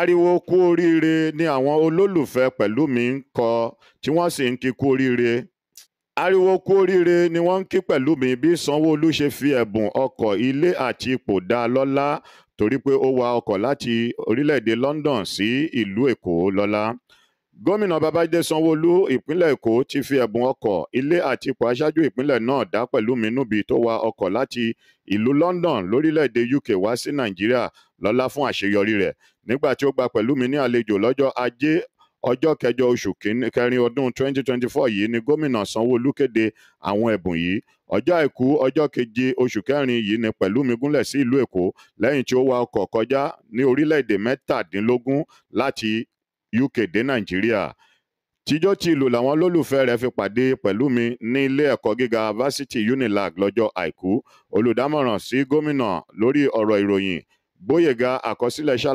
ariwo kú oríire ni àwọn olólùfẹ́ Pẹ̀lúmi ń kọ tí wọ́n sì ń kí kú oríire ariwo kú oríire ni wọ́n ń kí Pẹ̀lúmi bí Sanwó-Olú ṣe fi ẹ̀bùn ọkọ̀ ilé àti ipò dá lọ́lá torí pé ó wa ọkọ̀ láti orílẹ̀-èdè London sí ìlú Èkó lọ́lá gómìnà babájídé sanwóolu ìpínlẹ̀ èkó ti fi ẹ̀bùn ọkọ̀ ilé àti ipò aṣáájú ìpínlẹ̀ náà dá pẹ̀lúmi núbi tó wa ọkọ̀ láti ìlú london lórílẹ̀‐èdè uk wá sí nàìjíríà lọ́lá fún àṣeyọrí rẹ̀ nígbà tí ó gba pẹ̀lúmi ní àlejò lọ́jọ́ ajé ọjọ́ kẹjọ oṣù kẹrin ọdún 2024 yìí ni gómìnà sanwóolu kéde àwọn ẹ̀bùn yìí ọjọ́ àìkú ọjọ́ keje oṣù kẹrin yìí ni pẹ̀lúmi gúnlẹ̀ sí ìlú èkó lẹ́yìn tí ó wa ọkọ̀ kọjá ní orílẹ̀-èdè láti UK dé nàìjíríà tíjọ́tìlù làwọn olólùfẹ́ rẹ̀ fi pàdé pẹ̀lú mi ní ilé ẹ̀kọ́ gíga fásitì UNILAG lọ́jọ́ àìkú olùdámọ̀ràn sí gómìnà lórí ọ̀rọ̀ ìròyìn Gbóyèga àkọsílẹ̀ ṣáà